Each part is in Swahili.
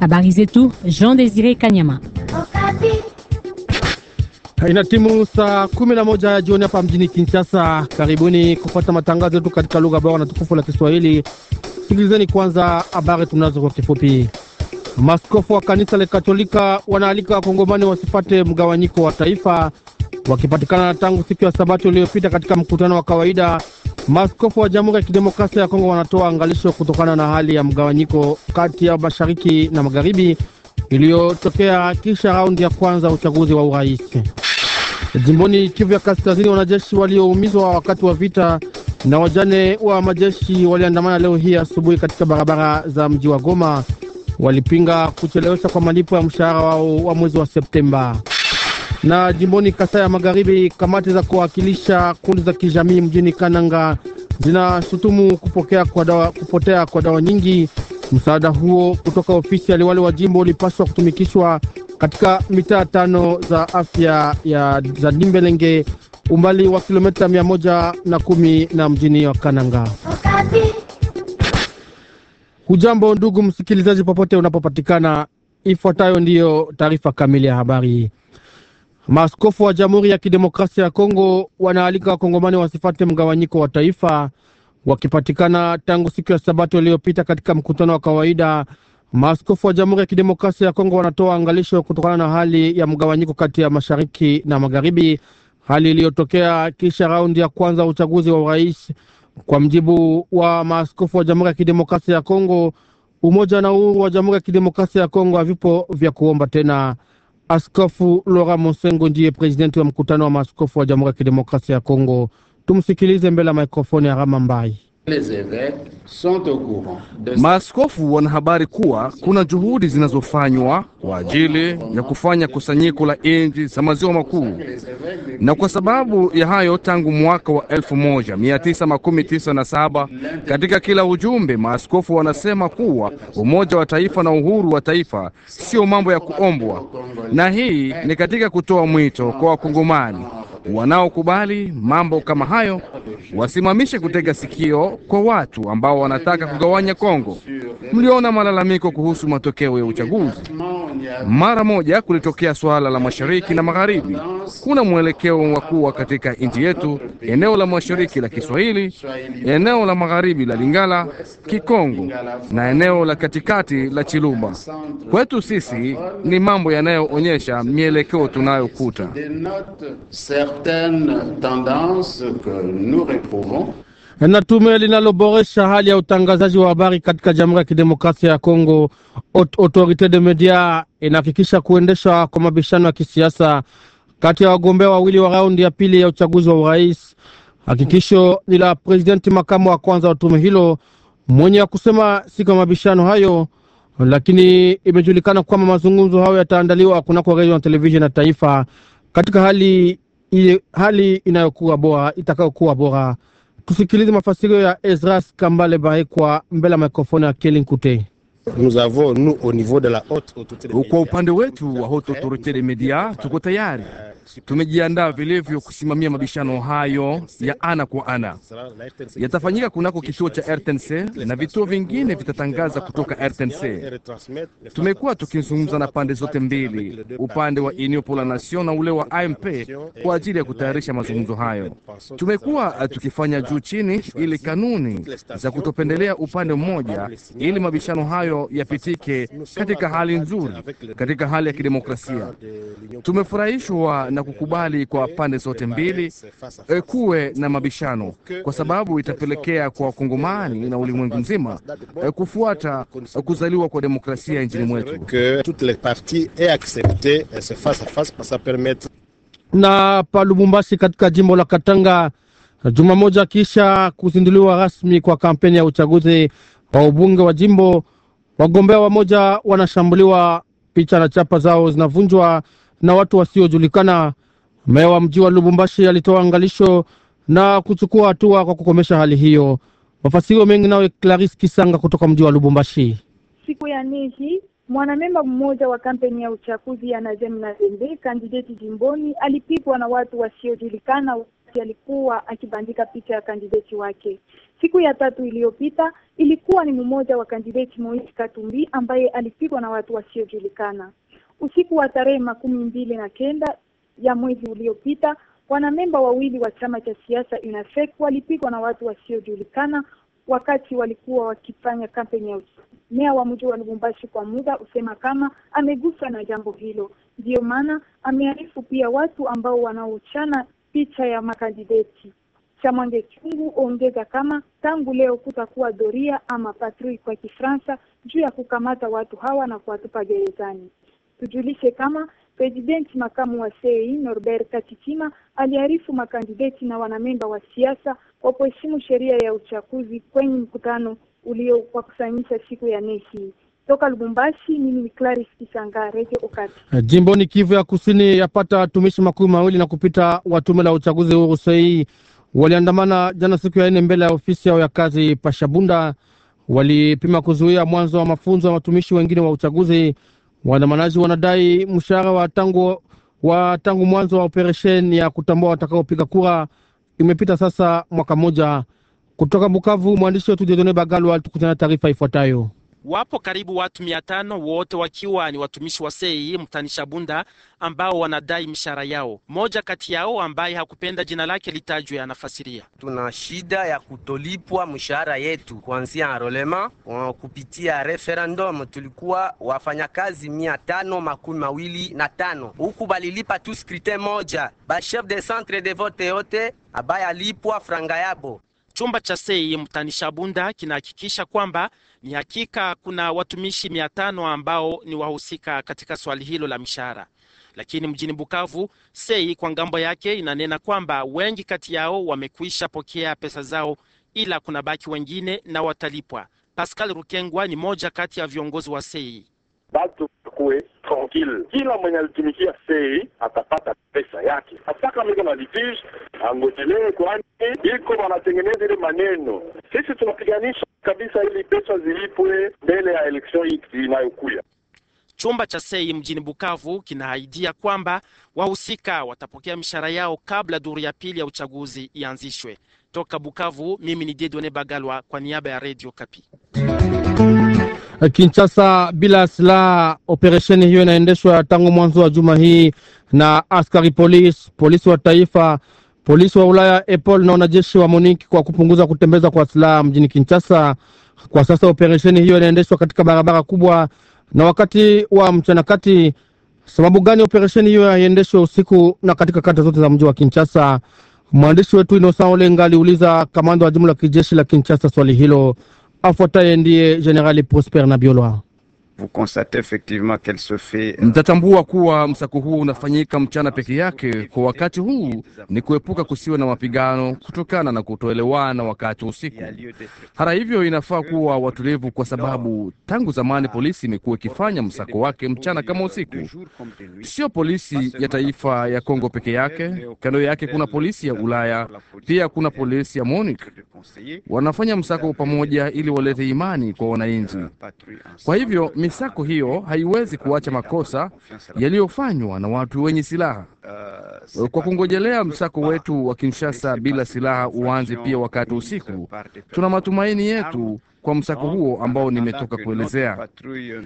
Habari zetu Jean Desire Kanyama. Ina timu saa kumi na moja ya jioni hapa mjini Kinshasa. Karibuni kufuata matangazo yetu katika lugha bora na tukufu la Kiswahili. Sikilizeni kwanza habari tunazo kwa kifupi. Maskofu wa kanisa la Katolika wanaalika wakongomani wasipate mgawanyiko wa taifa, wakipatikana tangu siku ya Sabato iliyopita katika mkutano wa kawaida Maaskofu wa Jamhuri ya Kidemokrasia ya Kongo wanatoa angalisho kutokana na hali ya mgawanyiko kati ya mashariki na magharibi iliyotokea kisha raundi ya kwanza uchaguzi wa urais. Jimboni Kivu ya Kaskazini, wanajeshi walioumizwa wakati wa vita na wajane wa majeshi waliandamana leo hii asubuhi katika barabara za mji wa Goma. Walipinga kuchelewesha kwa malipo ya mshahara wao wa mwezi wa Septemba. Na jimboni Kasai ya Magharibi, kamati za kuwakilisha kundi za kijamii mjini Kananga zinashutumu kupokea kwa dawa, kupotea kwa dawa nyingi. Msaada huo kutoka ofisi ya liwali wa jimbo ulipaswa kutumikishwa katika mitaa tano za afya ya za Dimbelenge, umbali wa kilomita mia moja na kumi na mjini wa Kananga. Hujambo ndugu msikilizaji, popote unapopatikana, ifuatayo ndiyo taarifa kamili ya habari. Maaskofu wa Jamhuri ya Kidemokrasia ya Kongo wanaalika wakongomani wasifate mgawanyiko wa taifa. Wakipatikana tangu siku ya Sabato iliyopita katika mkutano wa kawaida, maaskofu wa Jamhuri ya Kidemokrasia ya Kongo wanatoa angalisho kutokana na hali ya mgawanyiko kati ya mashariki na magharibi, hali iliyotokea kisha raundi ya kwanza ya uchaguzi wa urais. Kwa mjibu wa maaskofu wa Jamhuri ya Kidemokrasia ya Kongo, umoja na uhuru wa Jamhuri ya Kidemokrasia ya Kongo havipo vya kuomba tena. Askofu lora Monsengo ndiye presidenti wa mkutano wa maaskofu wa Jamhuri ya Kidemokrasia ya Kongo. Tumsikilize mbele ya mikrofoni ya Rama Mbai. Maaskofu wana habari kuwa kuna juhudi zinazofanywa kwa ajili ya kufanya kusanyiko la inji za maziwa makuu, na kwa sababu ya hayo, tangu mwaka wa 1997 katika kila ujumbe maaskofu wanasema kuwa umoja wa taifa na uhuru wa taifa sio mambo ya kuombwa, na hii ni katika kutoa mwito kwa Wakongomani Wanaokubali mambo kama hayo wasimamishe kutega sikio kwa watu ambao wanataka kugawanya Kongo. Mliona malalamiko kuhusu matokeo ya uchaguzi. Mara moja kulitokea suala la mashariki na magharibi. Kuna mwelekeo wa kuwa katika nchi yetu, eneo la mashariki la Kiswahili, eneo la magharibi la Lingala Kikongo na eneo la katikati la Chiluba. Kwetu sisi ni mambo yanayoonyesha mielekeo tunayokuta certaines tendances que nous réprouvons. Na tume linaloboresha hali ya utangazaji wa habari katika Jamhuri ya Kidemokrasia ya Kongo, Autorite de Media, inahakikisha kuendesha kwa mabishano ya kisiasa kati ya wagombea wawili wa raundi ya pili ya uchaguzi wa urais. Hakikisho ni la presidenti makamu wa kwanza wa tume hilo mwenye ya kusema siku ya mabishano hayo, lakini imejulikana kwamba mazungumzo hayo yataandaliwa kunako redio na televisheni ya taifa katika hali ile hali inayokuwa bora itakayokuwa bora. Tusikilize mafasirio ya Ezras Kambale Baekwa mbele ya mikrofoni ya Kelin Kute. Kwa upande wetu wa Haute autorité de Media tuko tayari Tumejiandaa vilivyo kusimamia mabishano hayo ya ana kwa ana, yatafanyika kunako kituo cha RTNC na vituo vingine vitatangaza kutoka RTNC. Tumekuwa tukizungumza na pande zote mbili, upande wa Union pour la Nation na ule wa AMP kwa ajili ya kutayarisha mazungumzo hayo. Tumekuwa tukifanya juu chini, ili kanuni za kutopendelea upande mmoja, ili mabishano hayo yapitike katika hali nzuri, katika hali ya kidemokrasia. Tumefurahishwa na kukubali kwa pande zote mbili e, kuwe na mabishano, kwa sababu itapelekea kwa wakongomani na ulimwengu mzima e, kufuata kuzaliwa kwa demokrasia nchini mwetu na pa Lubumbashi katika jimbo la Katanga, juma moja kisha kuzinduliwa rasmi kwa kampeni ya uchaguzi wa ubunge wa jimbo, wagombea wamoja wanashambuliwa, picha na chapa zao zinavunjwa na watu wasiojulikana. Meya wa mji wa Lubumbashi alitoa angalisho na kuchukua hatua kwa kukomesha hali hiyo. Mafasirio mengi nawe Claris Kisanga kutoka mji wa Lubumbashi. Siku ya nihi, mwanamemba mmoja wa kampeni ya uchaguzi ya Nazem Nazembe, kandideti jimboni, alipigwa na watu wasiojulikana wakati alikuwa akibandika picha ya kandideti wake. Siku ya tatu iliyopita ilikuwa ni mmoja wa kandideti Moisi Katumbi ambaye alipigwa na watu wasiojulikana. Usiku wa tarehe makumi mbili na kenda ya mwezi uliopita, wanamemba wawili wa chama cha siasa UNAFEC walipigwa na watu wasiojulikana wakati walikuwa wakifanya kampeni ya meya wa mji wa Lubumbashi kwa muda usema kama ameguswa na jambo hilo, ndiyo maana amearifu pia watu ambao wanaochana picha ya makandideti. Chamwange Chungu ongeza kama tangu leo kutakuwa doria ama patrui kwa kifransa juu ya kukamata watu hawa na kuwatupa gerezani. Tujulishe kama Presidenti makamu wa CEI Norbert Katitima aliarifu makandideti na wanamemba wa siasa kwa kuheshimu sheria ya uchaguzi kwenye mkutano uliowakusanyisha siku ya nesi toka Lubumbashi. Mimi ni Claris Kisanga, Radio Okapi. Eh, jimboni Kivu ya Kusini, yapata watumishi makumi mawili na kupita watume la uchaguzi huru CEI waliandamana jana siku ya nne mbele ya ofisi yao ya kazi Pashabunda, walipima kuzuia mwanzo wa mafunzo ya watumishi wengine wa uchaguzi Waandamanaji wanadai mshahara wa tangu, wa tangu mwanzo wa operesheni ya kutambua watakaopiga kura. Imepita sasa mwaka mmoja. Kutoka Bukavu, mwandishi wetu Jedone Bagalwa alitukutana taarifa ifuatayo. Wapo karibu watu mia tano wote wakiwa ni watumishi wa sei mtani Shabunda ambao wanadai mishahara yao. Mmoja kati yao ambaye hakupenda jina lake litajwe anafasiria: tuna shida ya kutolipwa mshahara yetu kuanzia arolema kupitia referendum. Tulikuwa wafanyakazi mia tano makumi mawili na tano huku balilipa tu skrite moja ba chef de centre de vote yote abaye alipwa franga yabo Chumba cha sei mtanishabunda kinahakikisha kwamba ni hakika kuna watumishi mia tano ambao ni wahusika katika swali hilo la mishahara, lakini mjini Bukavu sei kwa ngambo yake inanena kwamba wengi kati yao wamekwisha pokea pesa zao, ila kuna baki wengine na watalipwa. Pascal Rukengwa ni moja kati ya viongozi wa sei tranquille. Kila mwenye alitumikia sei atapata pesa yake, hata kama iko na litige angojelee, kwani iko wanatengeneza ile maneno. Sisi tunapiganisha kabisa ili pesa zilipwe mbele ya election inayokuya. Chumba cha sei mjini Bukavu kinaahidia kwamba wahusika watapokea mishahara yao kabla duru ya pili ya uchaguzi ianzishwe. Toka Bukavu, mimi ni Dedone Bagalwa kwa niaba ya Radio Kapi. Eh, Kinshasa bila silaha. Operesheni hiyo inaendeshwa tangu mwanzo wa juma hii na askari polisi, polisi wa taifa, polisi wa Ulaya, EPOL na wanajeshi wa MONUC kwa kupunguza kutembeza kwa silaha mjini Kinshasa. Kwa sasa operesheni hiyo inaendeshwa katika barabara kubwa na wakati wa mchana kati. Sababu gani operesheni hiyo haiendeshwe usiku na katika kata zote za mji wa Kinshasa? Mwandishi wetu Inosa Olenga aliuliza kamanda wa jumla la kijeshi la Kinshasa swali hilo. afota ye ndi ye général prosper na biolwa Euh, Mtatambua kuwa msako huo unafanyika mchana peke yake kwa wakati huu, ni kuepuka kusiwe na mapigano kutokana na kutoelewana wakati wa usiku. Hata hivyo, inafaa kuwa watulivu, kwa sababu tangu zamani polisi imekuwa ikifanya msako wake mchana kama usiku. Sio polisi ya taifa ya Kongo peke yake, kando yake kuna polisi ya Ulaya, pia kuna polisi ya Munich. Wanafanya msako pamoja ili walete imani kwa wananchi. Kwa hivyo misako hiyo haiwezi kuacha makosa yaliyofanywa na watu wenye silaha. Kwa kungojelea msako wetu wa Kinshasa bila silaha uanze pia wakati usiku, tuna matumaini yetu kwa msako huo ambao nimetoka kuelezea.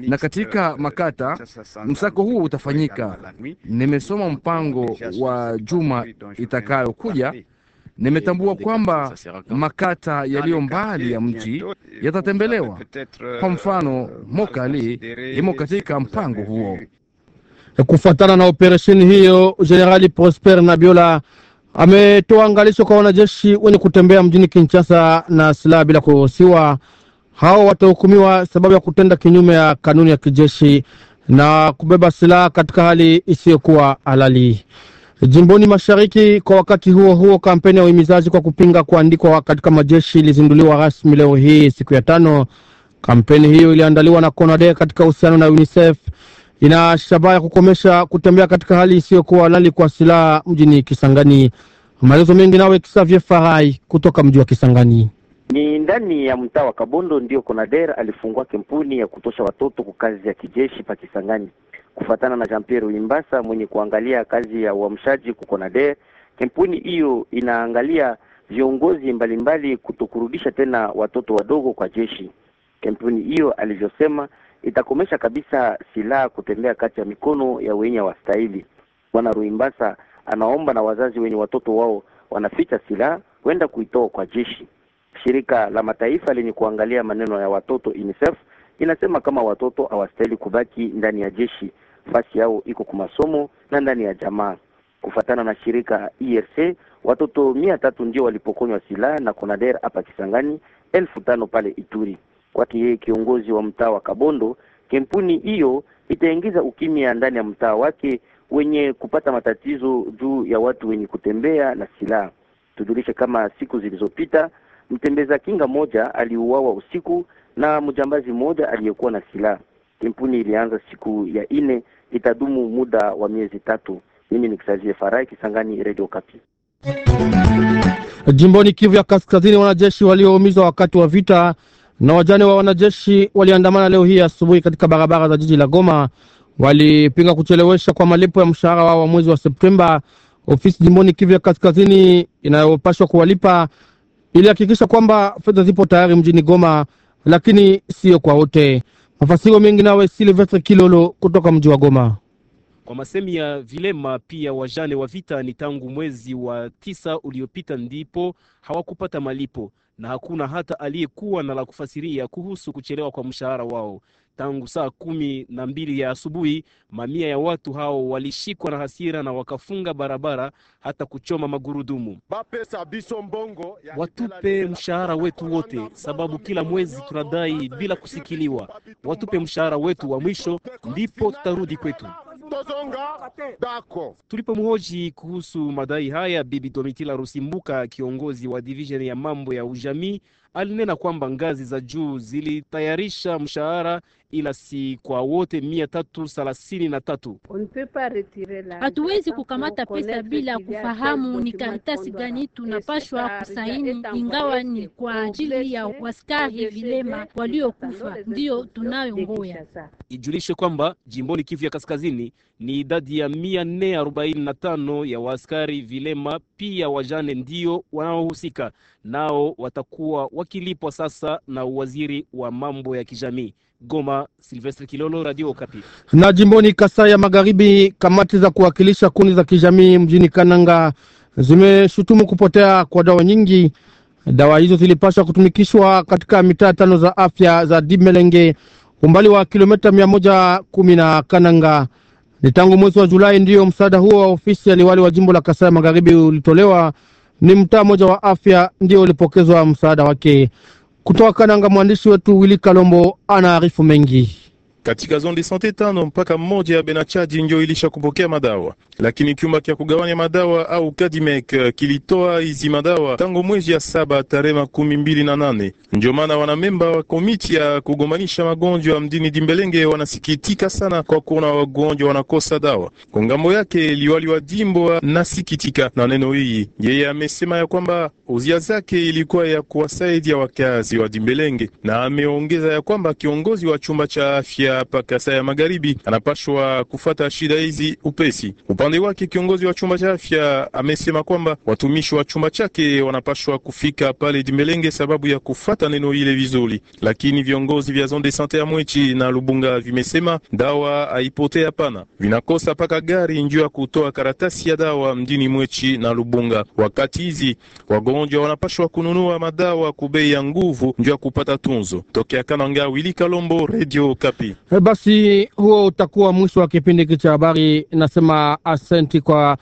Na katika Makata msako huo utafanyika. Nimesoma mpango wa juma itakayokuja Nimetambua kwamba makata yaliyo mbali ya mji yatatembelewa. Kwa mfano, uh, Mokali imo katika mpango huo. Kufuatana na operesheni hiyo, Jenerali Prosper Nabiola ametoa angalisho kwa wanajeshi wenye kutembea mjini Kinshasa na silaha bila kuruhusiwa. Hao watahukumiwa sababu ya kutenda kinyume ya kanuni ya kijeshi na kubeba silaha katika hali isiyokuwa halali. Jimboni Mashariki. Kwa wakati huo huo, kampeni ya uhimizaji kwa kupinga kuandikwa katika majeshi ilizinduliwa rasmi leo hii siku ya tano. Kampeni hiyo iliandaliwa na CONADE katika uhusiano na UNICEF ina shabaha ya kukomesha kutembea katika hali isiyokuwa halali kwa silaha mjini Kisangani. Maelezo mengi nawe Kisavye Farai kutoka mji wa Kisangani. Ni ndani ya mtaa wa Kabondo ndio conader alifungua kampuni ya kutosha watoto kwa kazi ya kijeshi pa Kisangani. Kufatana na Jean Pierre mwenye kuangalia kazi ya uamshaji kwa Konader, kampuni hiyo inaangalia viongozi mbalimbali kutokurudisha tena watoto wadogo kwa jeshi. Kampuni hiyo alivyosema, itakomesha kabisa silaha kutembea kati ya mikono ya wenye wastahili. Bwana Ruimbasa anaomba na wazazi wenye watoto wao wanaficha silaha kwenda kuitoa kwa jeshi. Shirika la Mataifa lenye kuangalia maneno ya watoto UNICEF inasema kama watoto hawastahili kubaki ndani ya jeshi, fasi yao iko kwa masomo na ndani ya jamaa. Kufatana na shirika IRC, e watoto mia tatu ndio walipokonywa silaha na Konader hapa Kisangani, elfu tano pale Ituri. Kwake yeye kiongozi wa mtaa wa Kabondo, kampuni hiyo itaingiza ukimya ndani ya mtaa wake wenye kupata matatizo juu ya watu wenye kutembea na silaha. Tujulishe kama siku zilizopita Mtembeza kinga moja aliuawa usiku na mjambazi mmoja aliyekuwa na silaha. Kampuni ilianza siku ya ine, itadumu muda wa miezi tatu. Mimi ni Kisazie Farai Kisangani, Radio Kapi. Jimboni Kivu ya Kaskazini, wanajeshi walioumizwa wakati wa vita na wajane wa wanajeshi waliandamana leo hii asubuhi katika barabara za jiji la Goma. Walipinga kuchelewesha kwa malipo ya mshahara wao wa mwezi wa Septemba. Ofisi jimboni Kivu ya Kaskazini inayopashwa kuwalipa ilihakikisha kwamba fedha zipo tayari mjini Goma, lakini siyo kwa wote. Mafasiro mengi nawe Silvestre Kilolo kutoka mji wa Goma. Kwa masemi ya vilema pia wajane wa vita, ni tangu mwezi wa tisa uliopita ndipo hawakupata malipo na hakuna hata aliyekuwa na la kufasiria kuhusu kuchelewa kwa mshahara wao. Tangu saa kumi na mbili ya asubuhi, mamia ya watu hao walishikwa na hasira na wakafunga barabara hata kuchoma magurudumu. Watupe mshahara wetu wote, sababu kila mwezi tunadai bila kusikiliwa. Watupe mshahara wetu wa mwisho, ndipo tutarudi kwetu. Tulipomhoji kuhusu madai haya, Bibi Domitila Rusimbuka, kiongozi wa divisheni ya mambo ya ujamii alinena kwamba ngazi za juu zilitayarisha mshahara ila si kwa wote mia tatu thelathini na tatu. Hatuwezi kukamata pesa bila kufahamu ni karatasi gani tunapashwa kusaini, ingawa ni kwa ajili ya waskari vilema waliokufa ndiyo tunayongoya. Ijulishe kwamba jimboni Kivu ya Kaskazini ni idadi ya mia nne arobaini na tano ya waskari vilema pia wajane ndio wanaohusika nao watakuwa wakilipwa sasa na waziri wa mambo ya kijamii Goma. Silvestre Kilolo, Radio Okapi. Na jimboni Kasai ya Magharibi, kamati za kuwakilisha kundi za kijamii mjini Kananga zimeshutumu kupotea kwa dawa nyingi. Dawa hizo zilipaswa kutumikishwa katika mitaa tano za afya za Dimelenge, umbali wa kilomita mia moja kumi na Kananga. Ni tangu mwezi wa Julai ndiyo msaada huo wa ofisi ya liwali wa jimbo la Kasai ya Magharibi ulitolewa ni mtaa mmoja wa afya ndio ulipokezwa msaada wake kutoka Kananga. Mwandishi wetu Wili Kalombo anaarifu mengi katika zone sante tano mpaka mmoja Benachaji ndio ilisha kupokea madawa, lakini chumba cha kugawanya madawa au Kadimek eh, kilitoa hizi madawa tangu mwezi ya saba tarehe makumi mbili na nane. Ndio maana wanamemba wa komiti ya kugomanisha magonjwa mdini Dimbelenge wanasikitika sana kwa kuona wagonjwa wanakosa dawa. Kwa ngambo yake, liwali wa jimbo nasikitika na neno hii. Yeye amesema ya kwamba uzia zake ilikuwa ya kuwasaidia wakazi wa Dimbelenge, na ameongeza ya kwamba kiongozi wa chumba cha afya hapa Kasai ya Magharibi anapashwa kufata shida hizi upesi. Upande wake kiongozi wa chumba cha afya amesema kwamba watumishi wa chumba chake wanapashwa kufika pale Dimelenge sababu ya kufata neno ile vizuri, lakini viongozi vya zone de sante ya Mwechi na Lubunga vimesema dawa haipotee hapana, vinakosa paka gari njuu ya kutoa karatasi ya dawa mjini Mwechi na Lubunga. Wakati hizi wagonjwa wanapashwa kununua madawa kubei ya nguvu njuu ya kupata tunzo. Tokea Kananga, Wili Kalombo, Radio Kapi. Eh, basi huo utakuwa mwisho wa kipindi hiki cha habari. Nasema asenti kwa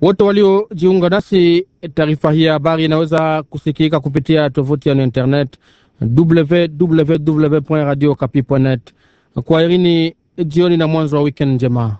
wote waliojiunga nasi. Taarifa hii ya habari inaweza kusikika kupitia tovuti ya internet www Kwa kapi net. jioni na mwanzo wa weekend njema.